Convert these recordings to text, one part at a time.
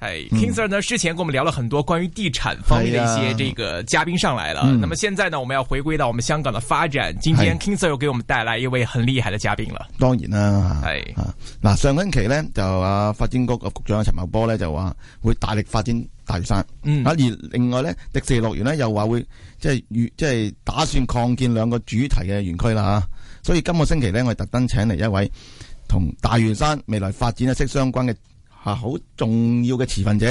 誒，King Sir 呢？之前跟我們聊了很多關於地產方面的一些這個嘉賓上來了。啊嗯、那麼現在呢，我們要回歸到我們香港的發展。今天 King Sir 又給我們帶來一位很厲害的嘉賓了。當然啦，係嗱是、啊，上星期呢，就阿、啊、發展局局長陳茂波呢，就話會大力發展大嶼山。嗯。而另外呢，迪士尼樂園呢，又話會即係即係打算擴建兩個主題嘅園區啦，所以今個星期呢，我哋特登請嚟一位同大嶼山未來發展息息相關嘅。吓好、啊、重要嘅持份者，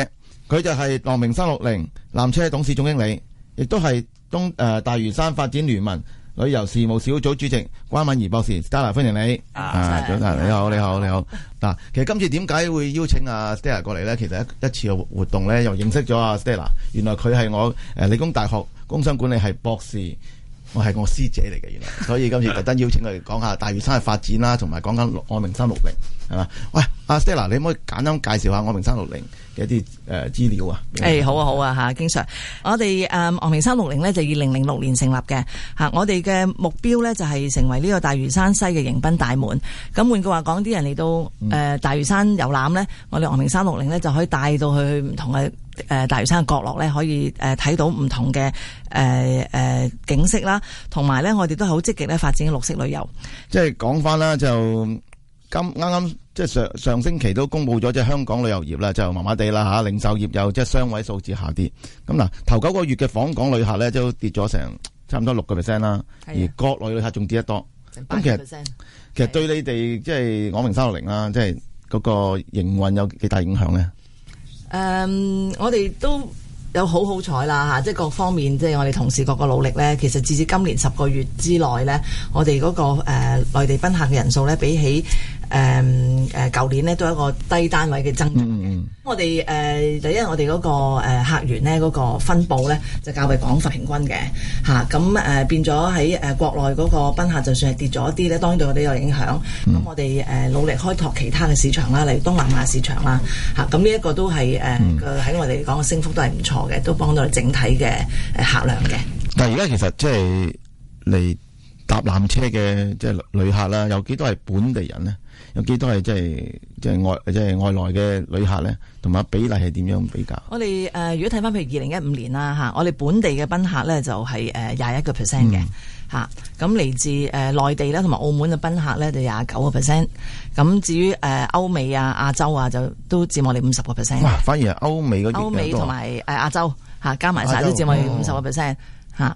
佢就係昂坪三六零纜車董事總經理，亦都係東誒、呃、大嶼山發展聯盟旅遊事務小組主席關敏儀博士。Stella，歡迎你。啊，你好，你好，你好。嗱、 啊，其實今次點解會邀請阿 Stella 過嚟呢？其實一一次嘅活動呢，又認識咗阿 Stella。原來佢係我誒、呃、理工大學工商管理系博士，我係我師姐嚟嘅，原來。所以今次特登邀請佢講下大嶼山嘅發展啦，同埋講緊昂坪三六零係嘛？喂！阿 Stella 你可唔可以簡單介紹一下我明山六零昂坪三六零嘅一啲誒資料啊？誒，hey, 好啊，好啊，嚇，經常我哋誒昂坪三六零咧就二零零六年成立嘅嚇，我哋嘅目標咧就係、是、成為呢個大嶼山西嘅迎賓大門。咁換句話講，啲人嚟到誒、呃、大嶼山遊覽咧，我哋昂坪三六零咧就可以帶到去唔同嘅誒、呃、大嶼山嘅角落咧，可以誒睇到唔同嘅誒、呃呃、景色啦。同埋咧，我哋都好積極咧發展綠色旅遊。即係講翻啦，就今啱啱。即係上上星期都公布咗，即係香港旅遊業啦，就麻麻地啦嚇，零、啊、售業又即係雙位數字下跌。咁、嗯、嗱，頭九個月嘅訪港旅客咧，都跌咗成差唔多六個 percent 啦。的而國內旅客仲跌得多。咁的其實的其實對你哋即係我昂坪360啦，即係嗰、那個營運有幾大影響咧？誒，um, 我哋都有好好彩啦嚇，即係各方面，即係我哋同事個個努力咧。其實，至至今年十個月之內咧，我哋嗰、那個誒、呃、內地賓客嘅人數咧，比起誒誒，舊、嗯、年咧都有一個低單位嘅增長嘅。嗯嗯、我哋誒第一，呃、我哋嗰個誒客源呢，嗰個分佈呢，就較為廣泛平均嘅，吓咁誒變咗喺誒國內嗰個賓客就算係跌咗啲呢，當然對我哋有影響。咁、嗯、我哋誒努力開拓其他嘅市場啦，例如東南亞市場啦，吓咁呢一個都係誒喺我哋嚟講嘅升幅都係唔錯嘅，都幫到整體嘅客量嘅。但係而家其實即係嚟。搭纜車嘅即係旅客啦，有幾多係本地人呢？有幾多係即係即係外即係外來嘅旅客呢？同埋比例係點樣比較？我哋誒如果睇翻譬如二零一五年啦，嚇，我哋本地嘅賓客呢，就係誒廿一個 percent 嘅嚇，咁嚟、嗯、自誒內地啦，同埋澳門嘅賓客呢，就廿九個 percent，咁至於誒歐美啊亞洲啊就都佔我哋五十個 percent。哇！反而歐美嘅歐美同埋誒亞洲嚇加埋晒都佔我哋五十個 percent 嚇。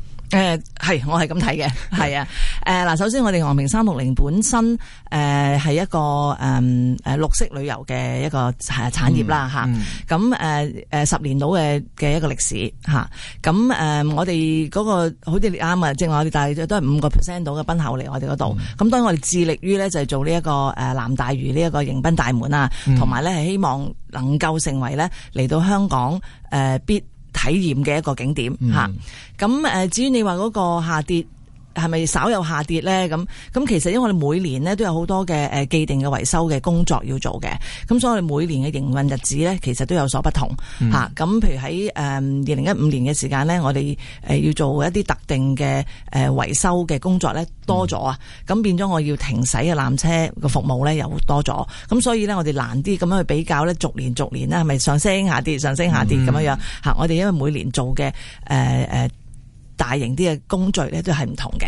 誒，係、呃，我係咁睇嘅，係啊，誒，嗱，首先我哋昂坪三六零本身，誒、呃，係一個誒，誒、呃，綠色旅遊嘅一個產業啦，吓、嗯，咁、嗯、誒，誒、啊呃，十年到嘅嘅一個歷史，吓、啊，咁、呃、誒，我哋嗰、那個，好似啱啊，正我哋大約都係五個 percent 到嘅賓客嚟我哋嗰度，咁、嗯、當然我哋致力於呢，就係、是、做呢、這、一個誒、呃、南大嶼呢一個迎賓大門啊，同埋、嗯、呢係希望能夠成為呢嚟到香港誒、呃、必。體驗嘅一個景點吓，咁誒、嗯啊，至於你話嗰個下跌。係咪稍有下跌咧？咁咁其實，因為我哋每年咧都有好多嘅誒既定嘅維修嘅工作要做嘅，咁所以我哋每年嘅營運日子咧其實都有所不同吓。咁、嗯、譬如喺誒二零一五年嘅時間咧，我哋誒要做一啲特定嘅誒維修嘅工作咧多咗啊，咁、嗯、變咗我要停駛嘅纜車嘅服務咧又多咗，咁所以咧我哋難啲咁樣去比較咧，逐年逐年咧係咪上升下跌，上升下跌咁樣、嗯、樣？吓，我哋因為每年做嘅誒誒。呃大型啲嘅工序咧都係唔同嘅。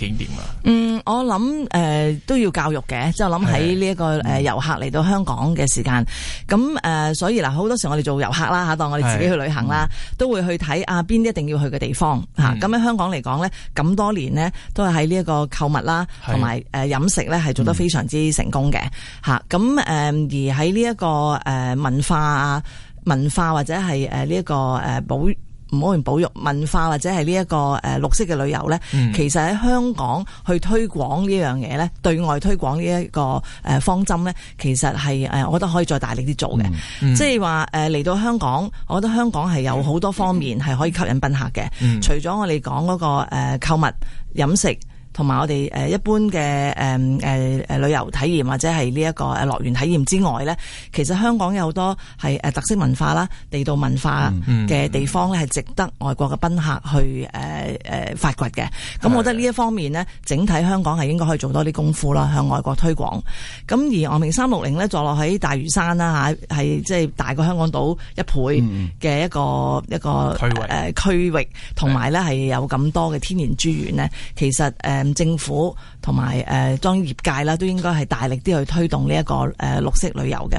景點啊，嗯，我諗誒、呃、都要教育嘅，即係我諗喺呢一個誒遊客嚟到香港嘅時間，咁誒、嗯呃，所以嗱好多時我哋做遊客啦吓，當我哋自己去旅行啦，嗯、都會去睇啊邊啲一定要去嘅地方吓。咁喺、嗯啊、香港嚟講咧，咁多年呢都係喺呢一個購物啦，同埋誒飲食咧係做得非常之成功嘅吓。咁誒、嗯啊、而喺呢一個誒文化文化或者係誒呢一個誒保。唔好言保育文化或者係呢一個誒綠色嘅旅遊咧，嗯、其實喺香港去推廣呢樣嘢咧，對外推廣呢一個誒方針咧，其實係誒，我覺得可以再大力啲做嘅。嗯嗯、即係話誒嚟到香港，我覺得香港係有好多方面係可以吸引賓客嘅。嗯嗯、除咗我哋講嗰個購物飲食。同埋我哋誒一般嘅誒、呃呃、旅遊體驗或者係呢一個誒樂園體驗之外咧，其實香港有好多係、呃、特色文化啦、地道文化嘅地方咧，係值得外國嘅賓客去誒誒、呃呃、發掘嘅。咁我覺得呢一方面咧，是的 整體香港係應該可以做多啲功夫啦，嗯、向外國推廣，咁而昂坪三六零咧，坐落喺大嶼山啦吓，係、嗯、即係大過香港島一倍嘅一個、嗯、一個誒區、呃、域，同埋咧係有咁多嘅天然資源咧，嗯、其實。呃政府同埋誒，裝、呃、業界啦，都應該係大力啲去推動呢、這、一個誒、呃、綠色旅遊嘅。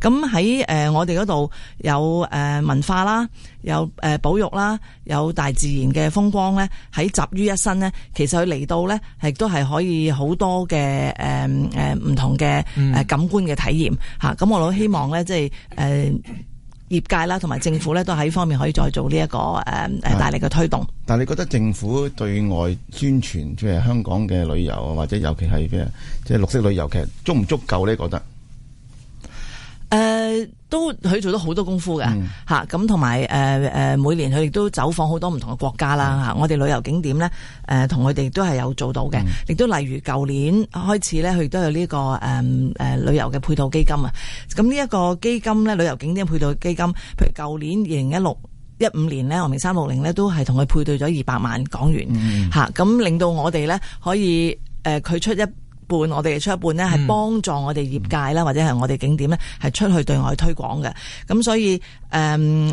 咁喺誒我哋嗰度有誒、呃、文化啦，有誒、呃、保育啦，有大自然嘅風光咧，喺集於一身咧。其實佢嚟到咧，係都係可以好多嘅誒誒唔同嘅誒、呃、感官嘅體驗嚇。咁、嗯啊、我好希望咧，即係誒。呃業界啦，同埋政府咧，都喺呢方面可以再做呢、這、一個誒誒大力嘅推動。但係你覺得政府對外宣傳，即係香港嘅旅遊啊，或者尤其係咩即係綠色旅遊，其實足唔足夠咧？覺得？誒、呃，都佢做咗好多功夫嘅吓，咁同埋誒誒，每年佢亦都走訪好多唔同嘅國家啦吓，嗯、我哋旅遊景點咧，誒、呃，同佢哋都係有做到嘅，亦都、嗯、例如舊年開始咧，佢亦都有呢、這個誒誒、呃呃、旅遊嘅配套基金啊，咁呢一個基金咧，旅遊景點配套基金，譬如舊年二零一六一五年咧，昂坪三六零咧都係同佢配對咗二百萬港元吓，咁、嗯嗯嗯、令到我哋咧可以誒佢、呃、出一。半我哋嘅出一半呢，係幫助我哋業界啦，嗯、或者係我哋景點呢，係出去對外推廣嘅。咁所以誒誒、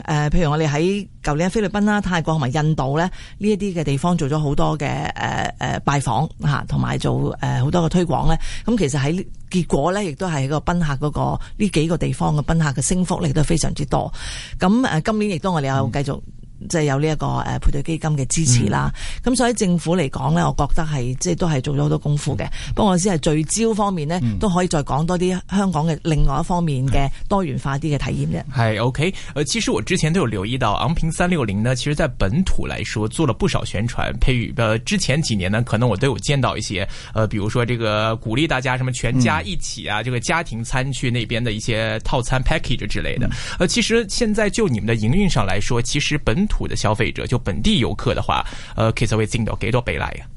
嗯，譬如我哋喺舊年喺菲律賓啦、泰國同埋印度呢，呢一啲嘅地方做咗好多嘅誒誒拜訪吓，同埋做誒好多嘅推廣呢。咁其實喺結果呢，亦都係個賓客嗰個呢幾個地方嘅賓客嘅升幅呢，都係非常之多。咁誒，今年亦都我哋有繼續。即係有呢、這、一個誒、呃、配對基金嘅支持啦，咁、嗯、所以政府嚟講咧，我覺得係即係都係做咗好多功夫嘅。不過我先係聚焦方面咧，都可以再講多啲香港嘅另外一方面嘅多元化啲嘅體驗啫。係、嗯、OK，呃，其實我之前都有留意到，昂坪三六零呢，其實在本土來說做了不少宣傳，譬如誒、呃，之前幾年呢，可能我都有見到一些，誒、呃，比如說這個鼓勵大家什麼全家一起啊，嗯、這個家庭餐去那邊的一些套餐 package 之類的。誒、嗯呃，其實現在就你們的營運上來說，其實本土嘅消費者，就本地遊客的話，呃，其實會佔到幾多比例啊？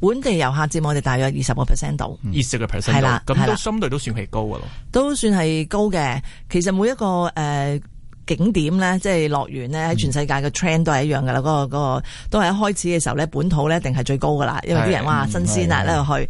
本地遊客佔我哋大約二十個 percent 度，二十個 percent 係啦，咁都相對都算係高嘅咯，是是，都算係高嘅。其實每一個誒、呃、景點咧，即係樂園咧，喺全世界嘅 trend 都係一樣嘅啦。嗰、嗯那個、那個、都係一開始嘅時候咧，本土咧一定係最高嘅啦，因為啲人話新鮮啊，喺度去。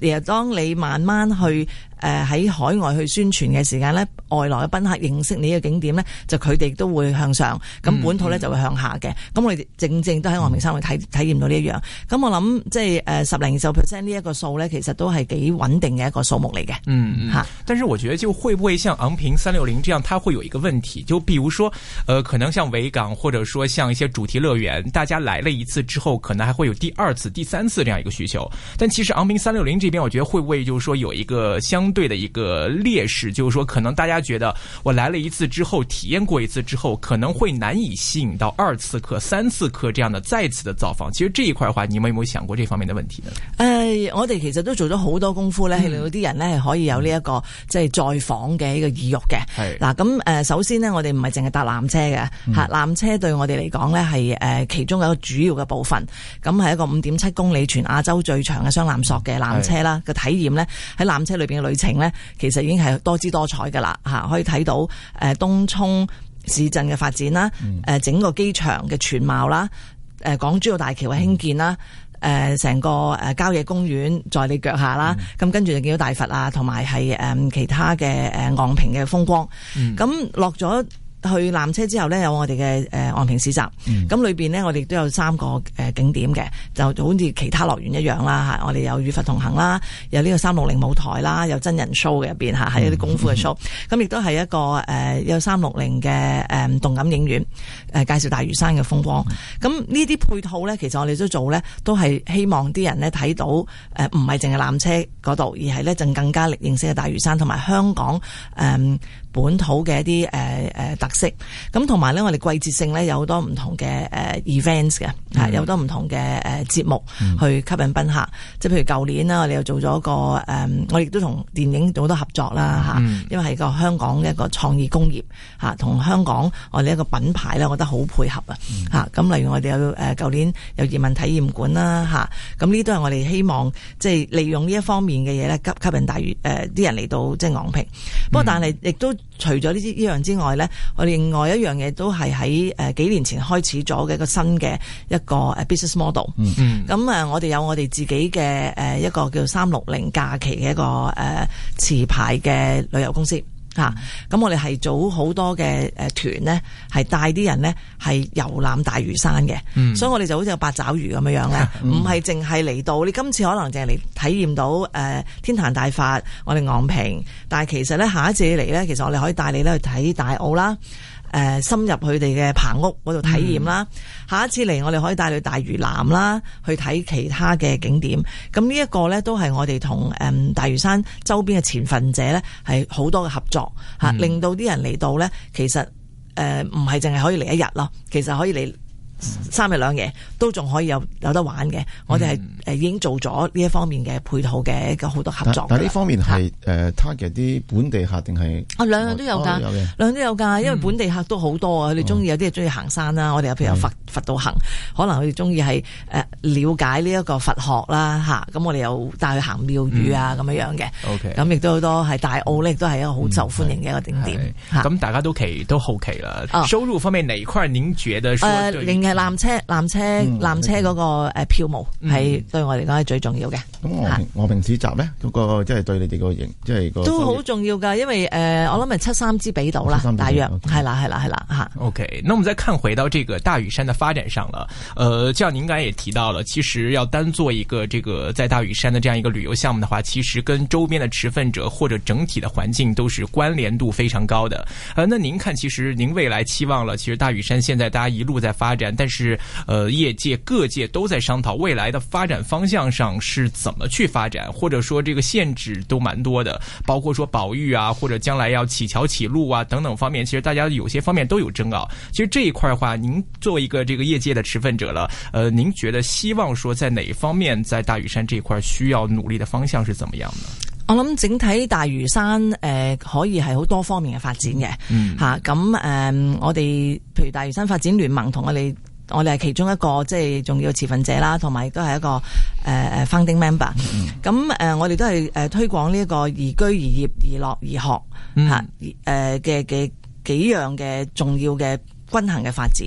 然後當你慢慢去。誒，喺、呃、海外去宣傳嘅時間呢外來嘅賓客認識你個景點呢就佢哋都會向上，咁本土呢就會向下嘅。咁、嗯嗯、我哋正正都喺昂坪山去體、嗯、體驗到呢一樣。咁我諗即係誒十零二十 percent 呢一個數呢，其實都係幾穩定嘅一個數目嚟嘅。嗯，吓、啊。但是我覺得就會不會像昂坪三六零這樣，它會有一個問題，就比如說，誒、呃、可能像維港，或者說像一些主題樂園，大家來了一次之後，可能還會有第二次、第三次這樣一個需求。但其實昂坪三六零這邊，我覺得會不會就是說有一個相相對的一個劣勢，就是說可能大家覺得我來了一次之後，體驗過一次之後，可能會難以吸引到二次客、三次客這樣的再次的造訪。其實這一塊的話，你們有冇想過這方面的問題呢？誒、呃，我哋其實都做咗好多功夫呢，令到啲人呢，係可以有呢、這、一個即係再訪嘅一個意欲嘅。係嗱是，咁誒，首先呢，我哋唔係淨係搭纜車嘅吓，纜車對我哋嚟講呢，係誒其中一個主要嘅部分。咁係一個五點七公里全亞洲最長嘅雙纜索嘅纜車啦，個是體驗呢，喺纜車裏邊嘅事情咧，其實已經係多姿多彩嘅啦嚇，可以睇到誒東涌市鎮嘅發展啦，誒整個機場嘅全貌啦，誒港珠澳大橋嘅興建啦，誒成個誒郊野公園在你腳下啦，咁跟住就見到大佛啊，同埋係誒其他嘅誒昂坪嘅風光，咁落咗去纜車之後呢，有我哋嘅誒，昂坪市集，咁、嗯、裏邊呢，我哋都有三個誒景點嘅，就好似其他樂園一樣啦吓。我哋有與佛同行啦，有呢個三六零舞台啦，有真人 show 嘅入邊吓，係一啲功夫嘅 show。咁亦、嗯、都係一個誒、呃、有三六零嘅誒動感影院，誒、呃、介紹大嶼山嘅風光。咁呢啲配套呢，其實我哋都做呢，都係希望啲人呢睇到誒，唔係淨係纜車嗰度，而係呢，就更加認識嘅大嶼山同埋香港誒。呃本土嘅一啲誒誒特色，咁同埋咧，我哋季節性咧有好多唔同嘅誒 events 嘅，吓，有好多唔同嘅誒節目去吸引賓客，即係譬如舊年啦、呃，我哋又做咗個誒我亦都同電影好多合作啦，吓，mm hmm. 因為係個香港嘅一個創意工業吓，同香港我哋一個品牌咧，我覺得好配合啊吓，咁例、mm hmm. 如我哋有誒舊年有葉問體驗館啦吓，咁呢都係我哋希望即係、就是、利用呢一方面嘅嘢咧，吸吸引大誒啲、呃、人嚟到即係、就是、昂坪，不過、mm hmm. 但係亦都。除咗呢啲呢樣之外咧，我哋另外一樣嘢都係喺誒幾年前開始咗嘅一個新嘅一個誒 business model 嗯哼。嗯嗯，咁啊我哋有我哋自己嘅誒一個叫三六零假期嘅一個誒持牌嘅旅遊公司。咁、啊、我哋係組好多嘅誒團呢係帶啲人呢係遊覽大嶼山嘅，嗯、所以我哋就好似有八爪魚咁樣樣咧，唔係淨係嚟到。你今次可能淨係嚟體驗到誒、呃、天壇大佛，我哋昂坪，但係其實呢，下一次嚟呢，其實我哋可以帶你呢去睇大澳啦。誒深入佢哋嘅棚屋嗰度體驗啦，嗯、下一次嚟我哋可以帶你去大嶼南啦，去睇其他嘅景點。咁呢一個呢，都係我哋同誒大嶼山周邊嘅持份者呢，係好多嘅合作嚇，令、嗯、到啲人嚟到呢。其實誒唔係淨係可以嚟一日咯，其實可以嚟。三日兩夜都仲可以有有得玩嘅，我哋係誒已經做咗呢一方面嘅配套嘅咁好多合作。但係呢方面係誒 target 啲本地客定係啊，兩樣都有㗎，兩樣都有㗎，因為本地客都好多啊，你中意有啲係中意行山啦，我哋有譬如有佛佛道行，可能佢中意係誒了解呢一個佛學啦吓，咁我哋又帶佢行廟宇啊咁樣樣嘅。咁亦都好多係大澳咧，亦都係一個好受歡迎嘅一個景點。咁大家都期都好奇啦，收入方面哪一塊您覺得纜車、纜車、纜車嗰個誒票務係對我嚟講係最重要嘅。咁我我平時集咧個即係對你哋個營，即係個都好重要噶。因為誒，我諗係七三支俾到啦，大約係啦，係啦，係啦，吓。OK，那我們再看回到這個大嶼山的發展上了。呃，像您剛才也提到了，其實要單做一個這個在大嶼山的這樣一個旅遊項目的話，其實跟周邊的持份者或者整體的環境都是關聯度非常高的。呃那您看，其實您未來期望了，其實大嶼山現在大家一路在發展，但是，呃，業界各界都在商討未來的發展方向上是怎麼去發展，或者說這個限制都蠻多的，包括說保育啊，或者將來要起橋起路啊等等方面，其實大家有些方面都有爭拗。其實這一塊的話，您作為一個這個業界的持份者了，呃，您覺得希望說在哪一方面，在大嶼山這一塊需要努力的方向是怎麼樣呢？我諗整體大嶼山，誒、呃，可以係好多方面嘅發展嘅，嗯、啊，吓，咁、呃、誒，我哋譬如大嶼山發展聯盟同我哋。我哋係其中一個即係重要持份者啦，同埋亦都係一個誒誒、呃、founding member。咁誒、mm hmm. 呃，我哋都係誒推廣呢一個宜居、宜業、宜樂、宜學吓，誒嘅嘅幾樣嘅重要嘅。均衡嘅發展，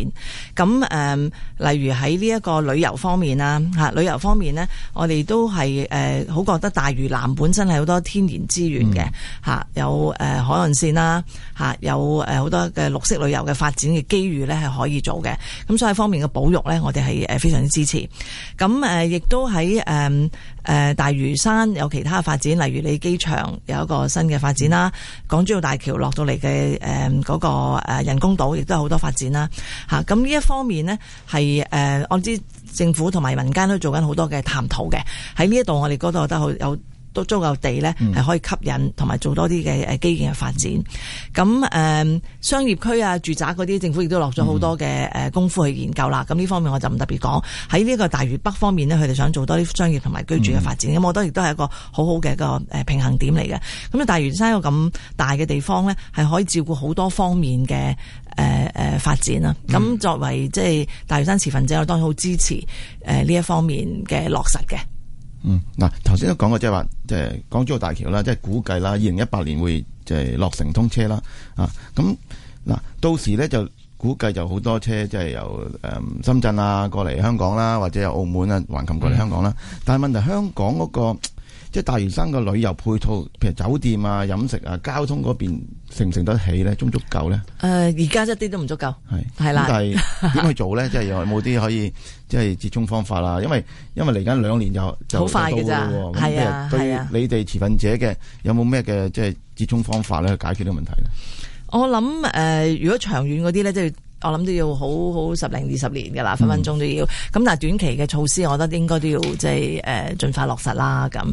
咁誒、呃，例如喺呢一個旅遊方面啦，嚇、啊、旅遊方面呢，我哋都係誒好覺得大嶼南本身係好多天然資源嘅，嚇、嗯啊、有誒、呃、海岸線啦，嚇、啊、有誒好多嘅綠色旅遊嘅發展嘅機遇呢係可以做嘅，咁所以方面嘅保育呢，我哋係誒非常之支持，咁誒、呃、亦都喺誒。呃誒、呃、大嶼山有其他嘅發展，例如你機場有一個新嘅發展啦，港珠澳大橋落到嚟嘅誒嗰個人工島亦都有好多發展啦，咁、啊、呢一方面呢，係誒、呃、我知政府同埋民間都做緊好多嘅探討嘅，喺呢一度我哋嗰度都好有。都足夠地咧，係可以吸引同埋做多啲嘅誒基建嘅發展。咁誒、嗯、商業區啊、住宅嗰啲，政府亦都落咗好多嘅誒功夫去研究啦。咁呢方面我就唔特別講。喺呢一個大嶼北方面呢，佢哋想做多啲商業同埋居住嘅發展。咁、嗯、我覺得亦都係一個好好嘅一個誒平衡點嚟嘅。咁啊，大嶼山有咁大嘅地方咧，係可以照顧好多方面嘅誒誒發展啊。咁作為即係大嶼山持份者，我當然好支持誒呢、呃、一方面嘅落實嘅。嗯，嗱，頭先都講過即係話，即係港珠澳大橋啦，即係估計啦，二零一八年會即係落成通車啦，啊，咁嗱，到時咧就估計就好多車即係由誒深圳啊過嚟香港啦，或者由澳門啊橫琴過嚟香港啦，嗯、但係問題香港嗰、嗰個。即係大嶼山嘅旅遊配套，譬如酒店啊、飲食啊、交通嗰邊成唔成得起咧？足唔、呃、足夠咧？誒是，而家一啲都唔足夠，係係啦。但係點去做咧？ 即係有冇啲可以即係折衷方法啦？因為因為嚟緊兩年就就好快嘅咋。係已啊，係啊。對於你哋持份者嘅有冇咩嘅即係折衷方法咧？去解決呢個問題咧？我諗誒、呃，如果長遠嗰啲咧，即係。我諗都要好好十零二十年㗎喇，分分鐘都要。咁、嗯、但係短期嘅措施，我覺得應該都要即係誒，盡快落實啦。咁誒，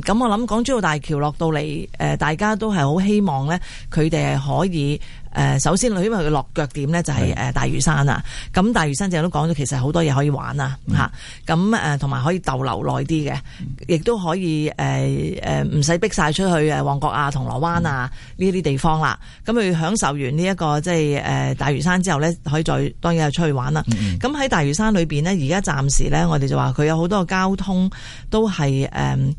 咁、呃、我諗港珠澳大橋落到嚟，誒、呃，大家都係好希望咧，佢哋係可以。誒首先，因為佢落腳點咧就係大嶼山啦，咁是的 大嶼山正都講咗，其實好多嘢可以玩啦嚇，咁同埋可以逗留耐啲嘅，亦都、嗯、可以誒唔使逼晒出去誒旺角啊、銅鑼灣啊呢啲地方啦，咁佢、嗯、享受完呢、這、一個即係誒大嶼山之後咧，可以再當然係出去玩啦。咁喺、嗯嗯、大嶼山裏面呢，而家暫時咧，我哋就話佢有好多交通都係誒。嗯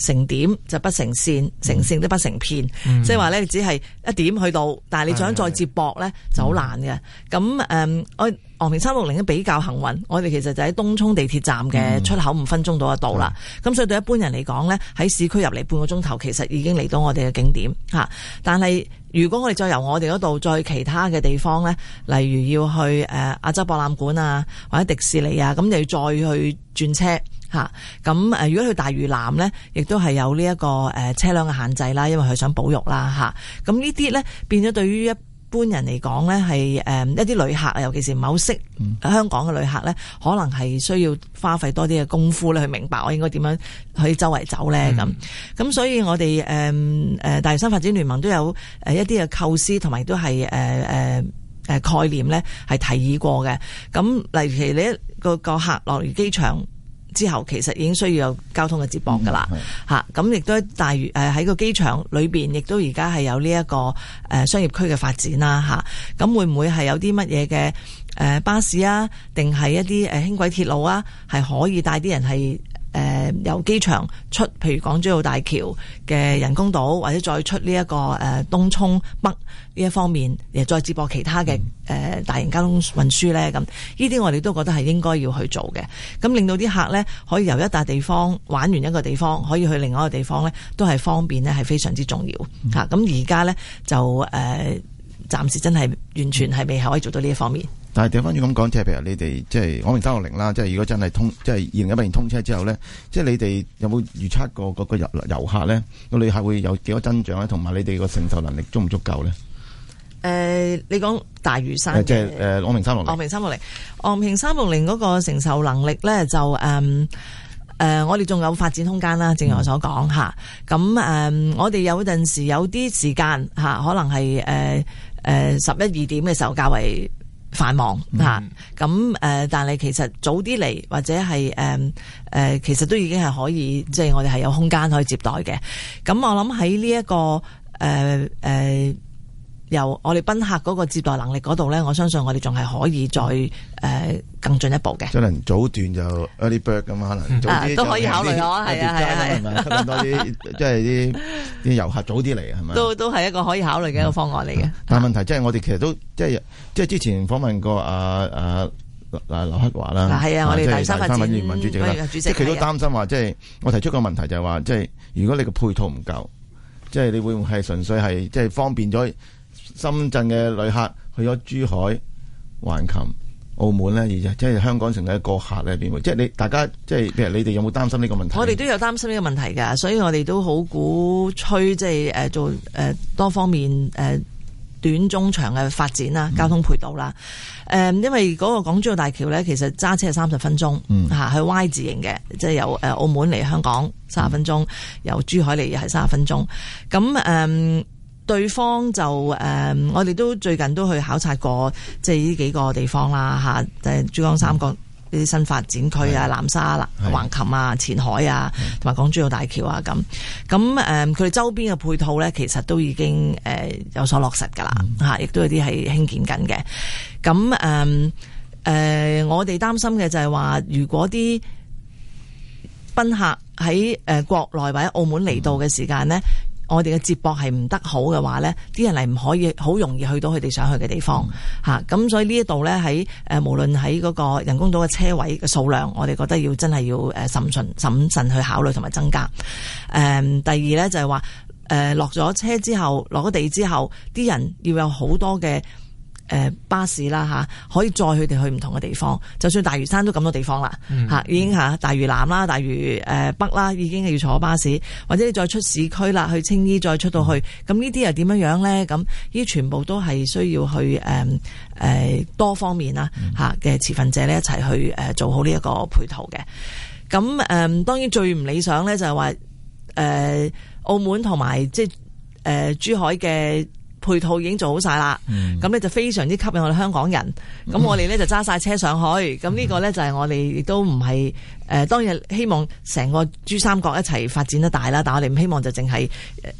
成點就不成線，成線都不成片，即係話你只係一點去到，嗯、但係你想再接駁呢、嗯、就好難嘅。咁誒、嗯，我昂坪三六零比較幸運，我哋其實就喺東涌地鐵站嘅出口五分鐘到一到啦。咁、嗯、所以對一般人嚟講呢，喺市區入嚟半個鐘頭，其實已經嚟到我哋嘅景點吓。但係如果我哋再由我哋嗰度再去其他嘅地方呢，例如要去誒、呃、亞洲博覽館啊，或者迪士尼啊，咁就要再去轉車。咁誒，如果去大嶼南咧，亦都係有呢一個誒車輛嘅限制啦，因為佢想保育啦吓。咁呢啲咧變咗對於一般人嚟講咧，係誒一啲旅客，尤其是唔係好識香港嘅旅客咧，可能係需要花費多啲嘅功夫咧去明白我應該點樣去周圍走咧咁。咁、嗯、所以我哋誒大嶼山發展聯盟都有一啲嘅構思同埋都係誒誒概念咧係提議過嘅。咁例如你一個個客落嚟機場。之後其實已經需要有交通嘅接駁噶啦吓，咁亦都大如誒喺個機場裏邊，亦都而家係有呢一個誒商業區嘅發展啦吓。咁會唔會係有啲乜嘢嘅誒巴士啊，定係一啲誒輕軌鐵路啊，係可以帶啲人係？誒、呃，由機場出，譬如港珠澳大橋嘅人工島，或者再出呢、這、一個誒、呃、東涌北呢一方面，再接駁其他嘅誒、呃、大型交通運輸呢。咁呢啲我哋都覺得係應該要去做嘅，咁令到啲客呢，可以由一笪地方玩完一個地方，可以去另外一個地方呢都係方便呢係非常之重要嚇。咁而家呢，就誒、呃、暫時真係完全係未可以做到呢一方面。但係調翻轉咁講，即係譬如你哋即係昂坪三六零啦，即係如果真係通，即係二零一八年通車之後咧，即係你哋有冇預測過嗰個遊遊客咧、嗰個旅客會有幾多增長咧？同埋你哋個承受能力足唔足夠咧？誒，你講大嶼山，即係誒昂坪三六零，昂坪三六零，昂坪三六零嗰個承受能力咧就誒誒，我哋仲有發展空間啦，正如我所講吓。咁誒、嗯呃，我哋有陣時有啲時間吓，可能係誒誒十一二點嘅時候，較為。繁忙吓，咁誒，但係其實早啲嚟，或者係誒誒，其實都已經係可以，即係我哋係有空間可以接待嘅。咁我諗喺呢一個誒誒。呃呃由我哋賓客嗰個接待能力嗰度咧，我相信我哋仲係可以再誒更進一步嘅。可能早段就 early bird 咁啊，可能早啲都可以考慮咯，係啊係係，吸引多啲即係啲啲遊客早啲嚟係咪？都都係一個可以考慮嘅一個方案嚟嘅。但問題即係我哋其實都即係即係之前訪問過啊，啊，阿劉克華啦，但係啊，我哋第三份議員主席啦，主席，即係佢都擔心話，即係我提出個問題就係話，即係如果你個配套唔夠，即係你會係純粹係即係方便咗。深圳嘅旅客去咗珠海、橫琴、澳門咧，而即係香港剩一個客咧，變回即係你大家，即係譬如你哋有冇擔心呢個問題？我哋都有擔心呢個問題噶，所以我哋都好鼓吹即係誒、啊、做誒、啊、多方面誒、啊、短中長嘅發展啦，交通配套啦。誒、嗯，因為嗰個港珠澳大橋咧，其實揸車係三十分鐘，吓係、嗯、Y 字型嘅，即係由誒澳門嚟香港三十分鐘，嗯、由珠海嚟又係三十分鐘。咁誒。嗯對方就誒，我哋都最近都去考察過，即係呢幾個地方啦嚇，誒珠江三角呢啲新發展區啊，南沙啦、橫琴啊、前海啊，同埋港珠澳大橋啊咁。咁誒，佢周邊嘅配套咧，其實都已經誒有所落實㗎啦嚇，亦都有啲係興建緊嘅。咁誒、呃、我哋擔心嘅就係話，如果啲賓客喺誒國內或者澳門嚟到嘅時間咧。我哋嘅接駁係唔得好嘅話呢，啲人係唔可以好容易去到佢哋想去嘅地方，咁所以呢一度呢，喺誒無論喺嗰個人工島嘅車位嘅數量，我哋覺得要真係要誒審慎審慎去考慮同埋增加。誒第二呢，就係話誒落咗車之後，落咗地之後，啲人要有好多嘅。誒，巴士啦吓，可以載佢哋去唔同嘅地方，就算大嶼山都咁多地方啦，吓，嗯，已經吓大嶼南啦，大嶼誒北啦，已經要坐巴士，或者你再出市區啦，去青衣再出到去，咁呢啲又點樣樣咧？咁呢啲全部都係需要去誒誒，呃、多方面啦吓嘅持份者呢一齊去誒做好呢一個配套嘅。咁，嗯、誒，當然最唔理想咧就係、是、話，誒、呃、澳門同埋即係誒珠海嘅。配套已經做好晒啦，咁呢、嗯、就非常之吸引我哋香港人。咁、嗯、我哋呢就揸晒車上去。咁呢、嗯、個呢，就係我哋亦都唔係誒，當然希望成個珠三角一齊發展得大啦。但我哋唔希望就淨係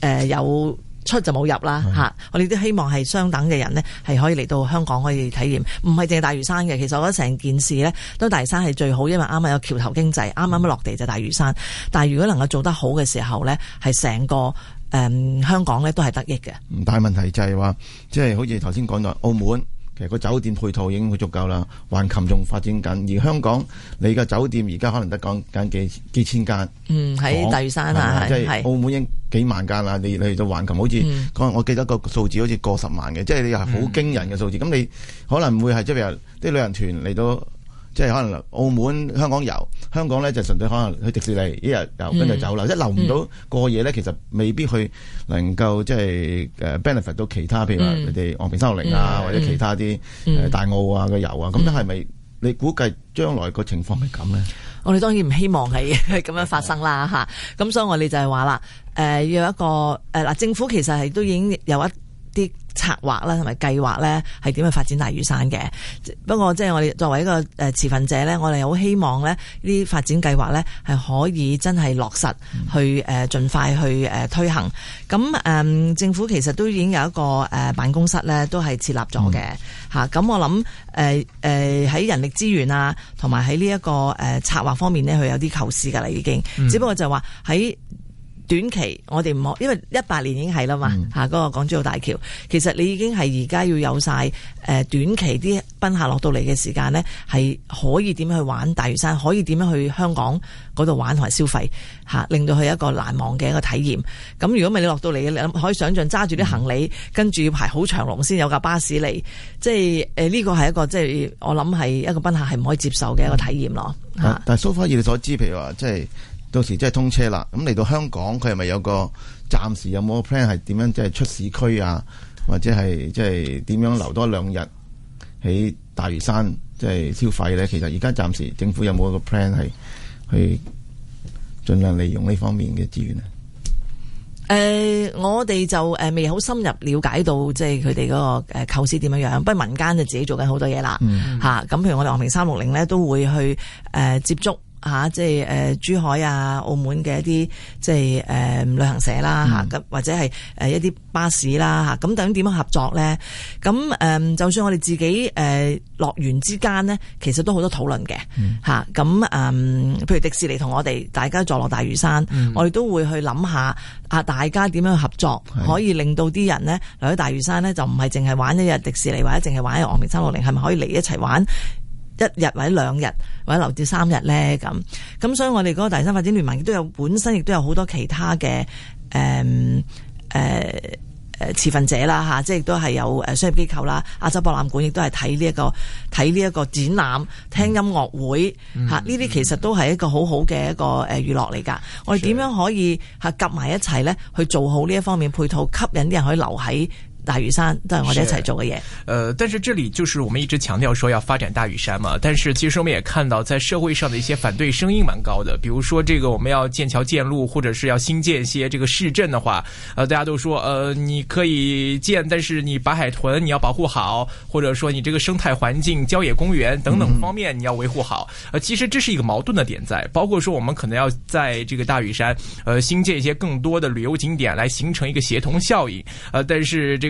誒有出就冇入啦吓、嗯啊、我哋都希望係相等嘅人呢，係可以嚟到香港可以體驗，唔係淨係大嶼山嘅。其實我覺得成件事呢，都大嶼山係最好，因為啱啱有橋頭經濟，啱啱落地就大嶼山。但係如果能夠做得好嘅時候呢，係成個。誒、嗯，香港咧都係得益嘅。唔大問題就係、是、話，即、就、係、是、好似頭先講到澳門，其實個酒店配套已經好足夠啦。橫琴仲發展緊，而香港你嘅酒店而家可能得講緊幾幾千間，嗯，喺大嶼山啊，即係澳門已經幾萬間啦。你嚟到橫琴好似，講、嗯、我記得個數字好似過十萬嘅，即係你又係好驚人嘅數字。咁、嗯、你可能會係即係譬如啲旅行團嚟到。即係可能澳門香港、香港遊，香港咧就純粹可能去迪士尼一日遊，跟住走即一留唔到過夜咧，嗯、其實未必去能夠即係、呃、benefit 到其他，譬如話你哋昂坪三六零啊，嗯、或者其他啲、嗯呃、大澳啊嘅遊啊，咁咧係咪你估計將來個情況係咁咧？我哋當然唔希望係咁樣發生啦，咁 所以我哋就係話啦，要一個嗱、呃，政府其實係都已經有一。策劃啦，同埋計劃咧，係點去發展大嶼山嘅。不過即係我哋作為一個誒持份者咧，我哋好希望咧呢啲發展計劃咧係可以真係落實去誒盡快去誒推行。咁誒、嗯、政府其實都已經有一個誒辦公室咧，都係設立咗嘅吓。咁我諗誒誒喺人力資源啊，同埋喺呢一個誒策劃方面咧，佢有啲構思噶啦，已經。只不過就話喺。短期我哋唔好，因為一八年已經係啦嘛，吓嗰，嗯啊那個港珠澳大橋，其實你已經係而家要有晒誒、呃、短期啲賓客落到嚟嘅時間呢係可以點樣去玩大嶼山，可以點樣去香港嗰度玩同埋消費吓、啊，令到佢一個難忘嘅一個體驗。咁如果唔係你落到嚟，你諗可以想象揸住啲行李，嗯、跟住要排好長龍先有架巴士嚟，即係誒呢個係一個即係我諗係一個賓客係唔可以接受嘅一個體驗咯吓。但係蘇花以你所知，譬如話即係。到時即係通車啦，咁嚟到香港佢係咪有個暫時有冇個 plan 係點樣即係出市區啊，或者係即係點樣留多兩日喺大嶼山即係、就是、消費咧？其實而家暫時政府有冇一個 plan 係去盡量利用呢方面嘅資源咧？誒、呃，我哋就誒未好深入了解到即係佢哋嗰個誒構思點樣樣，不過民間就自己做緊好多嘢啦。嚇、嗯，咁、啊、譬如我哋昂坪三六零咧都會去誒、呃、接觸。吓、啊，即係誒、呃，珠海啊、澳門嘅一啲即係誒、呃、旅行社啦吓，咁、啊嗯、或者係誒一啲巴士啦吓，咁究竟點樣合作咧？咁誒、嗯，就算我哋自己誒樂園之間呢，其實都好多討論嘅吓。咁、啊、誒、嗯，譬如迪士尼同我哋大家坐落大嶼山，嗯、我哋都會去諗下啊，大家點樣合作是的 可以令到啲人呢留喺大嶼山呢，就唔係淨係玩一日迪士尼，或者淨係玩一日昂坪三六零，係咪可以嚟一齊玩？一日或者兩日或者留至三日咧，咁咁，所以我哋嗰個大嶼山發展聯盟亦都有本身亦都有好多其他嘅，誒誒誒持份者啦吓，即係亦都係有誒商業機構啦，亞洲博覽館亦都係睇呢一個睇呢一個展覽、聽音樂會吓，呢啲、嗯、其實都係一個好好嘅一個誒娛樂嚟噶。嗯、我哋點樣可以係夾埋一齊咧去做好呢一方面配套，吸引啲人可以留喺大嶼山都係我哋一齊做嘅嘢。呃，但是這裏就是我們一直強調說要發展大嶼山嘛，但是其實我們也看到在社會上的一些反對聲音蠻高的，比如說這個我們要建橋建路，或者是要新建一些這個市鎮的話，呃，大家都說，呃，你可以建，但是你白海豚你要保護好，或者說你這個生態環境、郊野公園等等方面你要維護好。呃，其實這是一個矛盾的點在，包括說我們可能要在這個大嶼山，呃，新建一些更多的旅遊景點來形成一個協同效應。呃，但是這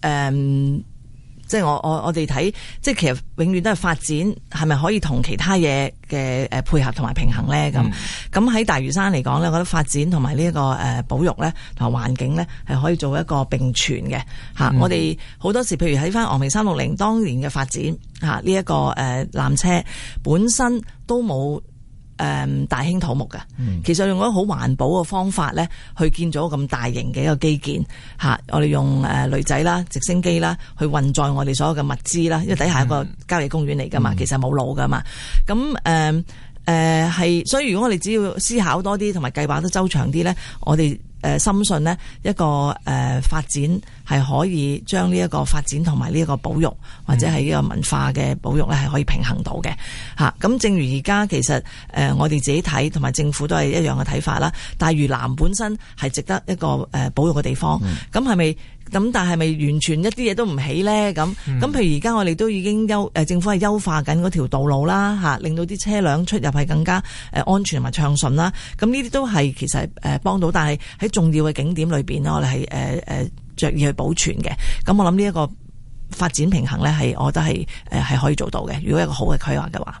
誒、um，即係我我我哋睇，即係其實永遠都係發展，係咪可以同其他嘢嘅誒配合同埋平衡咧？咁咁喺大嶼山嚟講咧，我覺得發展同埋呢一個誒保育咧同環境咧係可以做一個並存嘅吓。嗯、我哋好多時，譬如喺翻昂坪三六零當年嘅發展吓，呢、這、一個誒纜車本身都冇。誒、嗯，大興土木嘅，其實用嗰啲好環保嘅方法咧，去建咗咁大型嘅一個基建吓，我哋用誒騾仔啦、直升機啦，去運載我哋所有嘅物資啦，因為底下係一個郊野公園嚟噶嘛，其實冇路噶嘛，咁誒誒係，所以如果我哋只要思考多啲，同埋計劃得周詳啲咧，我哋。誒，深信呢一個誒發展係可以將呢一個發展同埋呢一個保育或者係呢個文化嘅保育咧，係可以平衡到嘅吓。咁正如而家其實誒我哋自己睇同埋政府都係一樣嘅睇法啦。大嶼南本身係值得一個誒保育嘅地方，咁係咪咁？但係咪完全一啲嘢都唔起呢？咁咁譬如而家我哋都已經優誒政府係優化緊嗰條道路啦吓，令到啲車輛出入係更加誒安全同埋暢順啦。咁呢啲都係其實誒幫到，但係喺重要嘅景點裏邊，我哋係誒誒着意去保存嘅。咁我諗呢一個發展平衡咧，係我覺得係誒係可以做到嘅。如果一個好嘅規劃嘅話。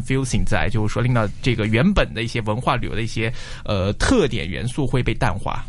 fusion 在，就是說令到這個原本的一些文化旅遊的一些，呃，特點元素會被淡化。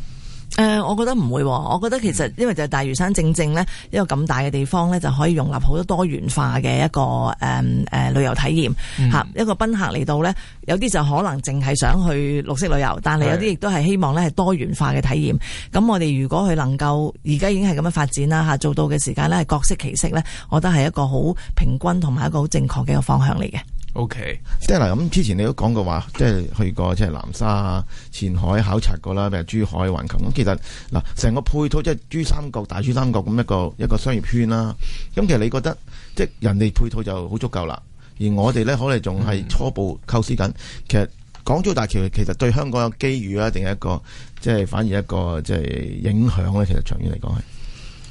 誒、呃，我覺得唔會、啊，我覺得其實因為就係大嶼山正正呢一個咁大嘅地方呢，就可以容納好多多元化嘅一個誒誒、呃呃、旅遊體驗吓。嗯、一個賓客嚟到呢，有啲就可能淨係想去綠色旅遊，但係有啲亦都係希望呢係多元化嘅體驗。咁對我哋如果佢能夠而家已經係咁樣發展啦吓，做到嘅時間呢係各適其適呢，我覺得係一個好平均同埋一個好正確嘅一個方向嚟嘅。O K，即係嗱，咁 Okay.、嗯、之前你都講過話，即係去過即係南沙啊、前海考察過啦，譬如珠海、環球。咁。其實嗱，成個配套即係珠三角、大珠三角咁一個一個商業圈啦。咁其實你覺得即係人哋配套就好足夠啦，而我哋咧可能仲係初步構思緊。其實港珠澳大橋其實對香港有機遇啊，定係一個即係反而一個即係影響咧？其實長遠嚟講係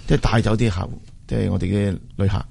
即係帶走啲客，即係我哋嘅旅客。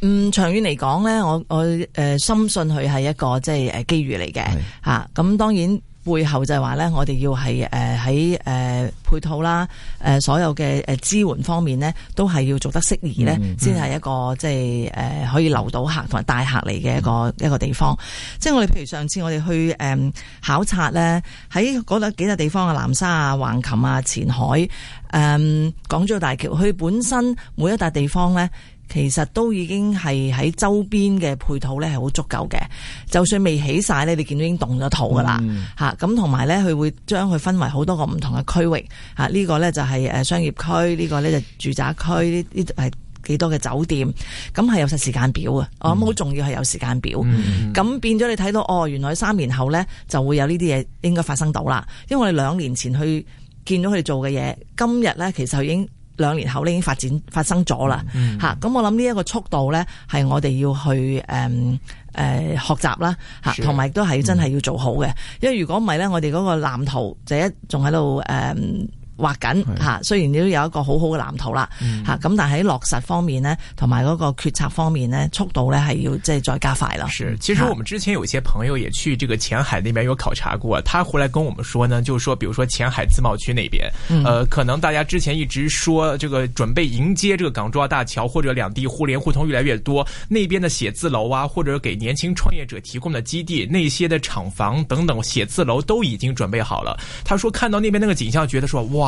嗯，長遠嚟講咧，我我誒、呃、深信佢係一個即係誒機遇嚟嘅吓。咁是、啊、當然背後就係話咧，我哋要係誒喺誒配套啦，誒、呃、所有嘅誒支援方面咧，都係要做得適宜咧，先係、嗯嗯、一個即係誒、呃、可以留到客同埋帶客嚟嘅一個、嗯、一個地方。即係我哋譬如上次我哋去誒、嗯、考察咧，喺嗰度幾笪地方啊，南沙啊、橫琴啊、前海誒、嗯、港珠澳大橋，佢本身每一笪地方咧。其實都已經係喺周邊嘅配套咧，係好足夠嘅。就算未起晒咧，你見到已經動咗土噶啦，吓、咁同埋咧，佢會將佢分為好多個唔同嘅區域。吓、這、呢個咧就係誒商業區，呢、這個咧就住宅區，呢啲係幾多嘅酒店。咁係有晒時間表、嗯、我諗好重要係有時間表。咁、嗯、變咗你睇到哦，原來三年後咧就會有呢啲嘢應該發生到啦。因為我哋兩年前去見到佢哋做嘅嘢，今日咧其實佢已經。兩年後咧已經發展發生咗啦，嚇、嗯！咁、嗯、我諗呢一個速度咧，係我哋要去誒誒、嗯呃、學習啦，嚇，同埋都係真係要做好嘅，嗯、因為如果唔係咧，我哋嗰個藍圖就一仲喺度誒。嗯畫緊嚇，雖然你都有一個好好嘅藍圖啦嚇，咁、嗯、但係喺落實方面呢，同埋嗰個決策方面呢，速度呢，係要即係再加快咯。是，其實我們之前有些朋友也去這個前海那邊有考察過，啊、他回來跟我們說呢，就說，比如說前海自貿區那邊，嗯、呃，可能大家之前一直說這個準備迎接這個港珠澳大橋或者兩地互聯互通越來越多，那邊的寫字樓啊，或者給年輕創業者提供的基地那些的廠房等等寫字樓都已經準備好了。他說看到那邊那個景象，覺得說哇！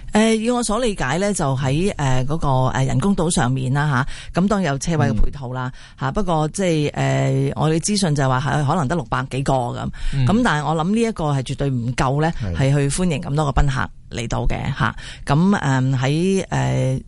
誒，以、呃、我所理解咧，就喺誒嗰個誒人工島上面啦吓，咁、啊、當然有車位嘅配套啦吓，不過即係誒我哋資訊就話係可能得六百幾個咁，咁、嗯、但係我諗呢一個係絕對唔夠咧，係去歡迎咁多個賓客嚟到嘅吓，咁誒喺誒。嗯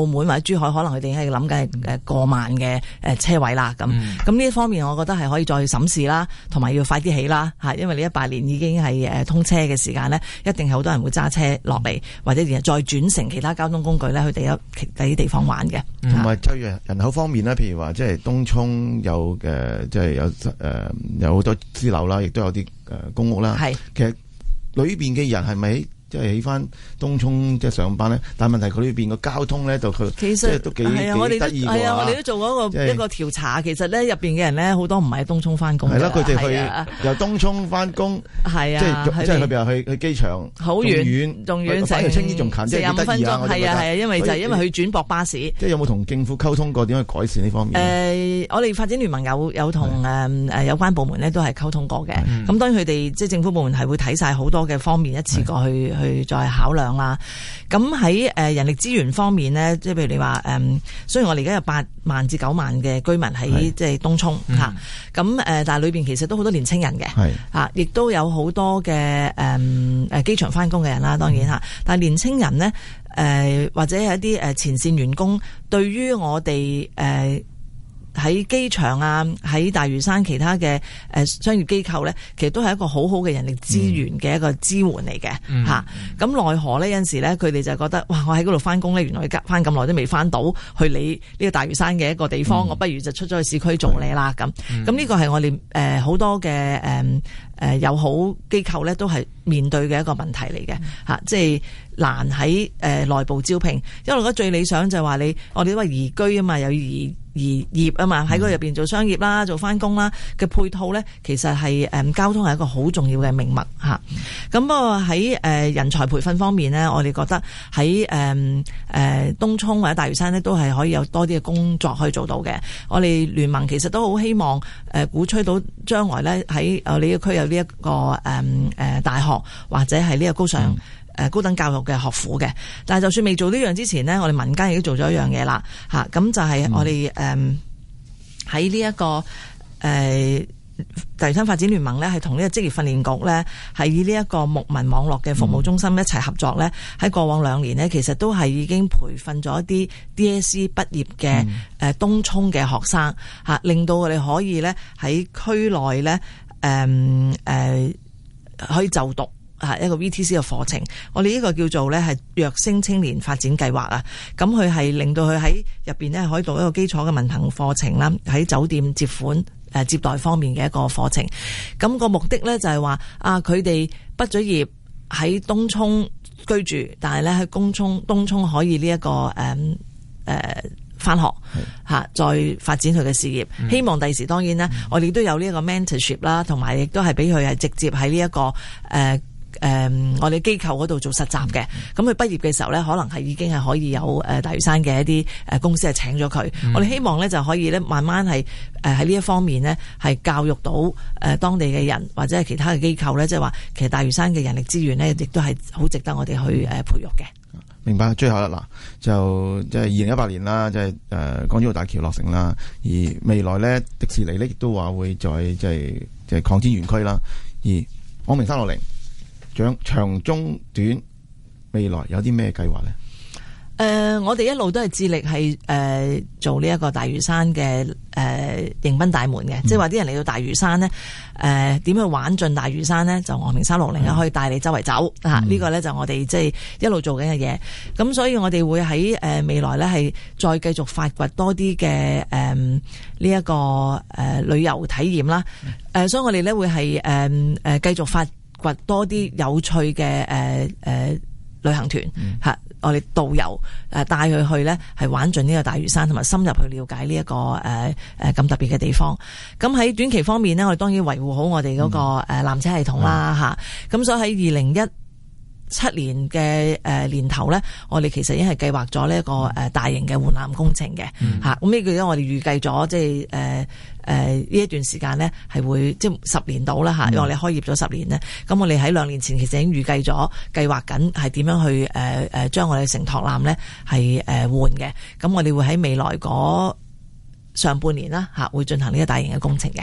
澳門或者珠海，可能佢哋係諗緊誒過萬嘅誒車位啦。咁咁呢一方面，我覺得係可以再審視啦，同埋要快啲起啦吓。因為你一八年已經係誒通車嘅時間咧，一定係好多人會揸車落嚟，或者而家再轉乘其他交通工具咧去第一第啲地方玩嘅。同埋周人人口方面咧，譬如話即係東涌有嘅，即係有誒有好多私樓啦，亦都有啲誒公屋啦。係是 其實裏邊嘅人係咪？即係起翻東涌即係上班咧，但係問題佢呢邊個交通咧就佢即係都幾幾得意嘅嚇。係啊，我哋都做嗰一個調查，其實咧入邊嘅人咧好多唔係喺東涌翻工。係咯，佢哋去由東涌翻工係啊，即係即係佢哋去去機場好遠，仲遠，反而青衣仲近，即係幾分鐘。係啊係啊，因為就因為佢轉駁巴士。即係有冇同政府溝通過點去改善呢方面？誒，我哋發展聯盟有有同誒誒有關部門咧都係溝通過嘅。咁當然佢哋即係政府部門係會睇晒好多嘅方面，一次過去。去再考量啦。咁喺誒人力資源方面呢，即係譬如你話，誒，雖然我哋而家有八萬至九萬嘅居民喺即係東涌嚇，咁誒是，嗯、但係裏邊其實都好多年青人嘅吓，亦都是有好多嘅誒誒機場翻工嘅人啦，當然吓。嗯、但係年青人呢，誒，或者係一啲誒前線員工，對於我哋誒。呃喺機場啊，喺大嶼山其他嘅誒商業機構咧，其實都係一個好好嘅人力資源嘅一個支援嚟嘅嚇。咁奈、嗯嗯、何呢？有陣時咧，佢哋就覺得哇，我喺嗰度翻工咧，原來翻咁耐都未翻到去你呢個大嶼山嘅一個地方，嗯、我不如就出咗去市區做你啦咁。咁呢、嗯、個係我哋誒好多嘅誒。呃誒友好機構咧，都係面對嘅一個問題嚟嘅、嗯、即係難喺誒內部招聘。因為我覺得最理想就係話你，我哋都話宜居啊嘛，有宜宜業啊嘛，喺嗰度入面做商業啦，做翻工啦嘅配套咧，其實係誒、嗯、交通係一個好重要嘅命脈咁、嗯嗯、不過喺誒人才培訓方面呢，我哋覺得喺誒誒東涌或者大嶼山呢，都係可以有多啲嘅工作可以做到嘅。我哋聯盟其實都好希望。誒，鼓吹到將來咧喺你個區有呢一個誒誒大學或者係呢個高尚誒高等教育嘅學府嘅。但係就算未做呢樣之前呢，我哋民間已經做咗一樣嘢啦，吓咁就係我哋誒喺呢一個誒。呃第三發展聯盟呢，係同呢個職業訓練局呢，係以呢一個牧民網絡嘅服務中心一齊合作呢喺、嗯、過往兩年呢，其實都係已經培訓咗一啲 DAC 畢業嘅誒東涌嘅學生吓，嗯、令到我哋可以呢喺區內呢，誒、嗯、誒、呃、可以就讀啊一個 VTC 嘅課程，我哋呢個叫做呢，係若星青年發展計劃啊，咁佢係令到佢喺入邊呢，可以讀一個基礎嘅文憑課程啦，喺酒店接款。誒接待方面嘅一個課程，咁、那個目的咧就係話啊，佢哋畢咗業喺東涌居住，但係咧喺東涌東涌可以呢、這、一個誒誒返學、啊、再發展佢嘅事業。嗯、希望第時當然呢，嗯、我哋都有呢一個 mentorship 啦，同埋亦都係俾佢係直接喺呢一個誒。呃誒、嗯，我哋機構嗰度做實習嘅，咁佢畢業嘅時候咧，可能係已經係可以有誒大嶼山嘅一啲誒公司係請咗佢。嗯、我哋希望咧就可以咧慢慢係誒喺呢一方面咧係教育到誒當地嘅人或者係其他嘅機構咧，即係話其實大嶼山嘅人力資源咧亦都係好值得我哋去誒培育嘅。明白最後啦嗱，就即係二零一八年啦，即係誒港珠澳大橋落成啦，而未來咧迪士尼亦都話會再即係即係擴展園區啦。而昂坪三六零。長，長中短，未來有啲咩計劃呢？誒、呃，我哋一路都係致力係誒、呃、做呢一個大嶼山嘅誒、呃、迎賓大門嘅，嗯、即係話啲人嚟到大嶼山呢，誒點去玩盡大嶼山呢？就昂坪三六零咧可以帶你周圍走啊！呢、嗯、個呢，就我哋即係一路做緊嘅嘢，咁、嗯、所以我哋會喺誒未來呢，係再繼續發掘多啲嘅誒呢一個誒、呃、旅遊體驗啦。誒、呃，所以我哋呢，會係誒誒繼續發。掘多啲有趣嘅誒誒旅行團吓、嗯，我哋導遊誒帶佢去咧，係玩盡呢個大嶼山，同埋深入去了解呢、這、一個誒誒咁特別嘅地方。咁喺短期方面呢，我哋當然維護好我哋嗰個誒纜車系統啦吓。咁、嗯、所以喺二零一。七年嘅誒年頭咧，我哋其實已經係計劃咗呢一個大型嘅換纜工程嘅。咁呢個因為我哋預計咗，即係誒誒呢一段時間咧，係會即係十年到啦。因為我哋開業咗十年咧，咁、嗯、我哋喺兩年前其實已經預計咗，計劃緊係點樣去誒誒、呃、將我哋承托纜咧係誒換嘅。咁我哋會喺未來嗰上半年啦嚇，會進行呢個大型嘅工程嘅。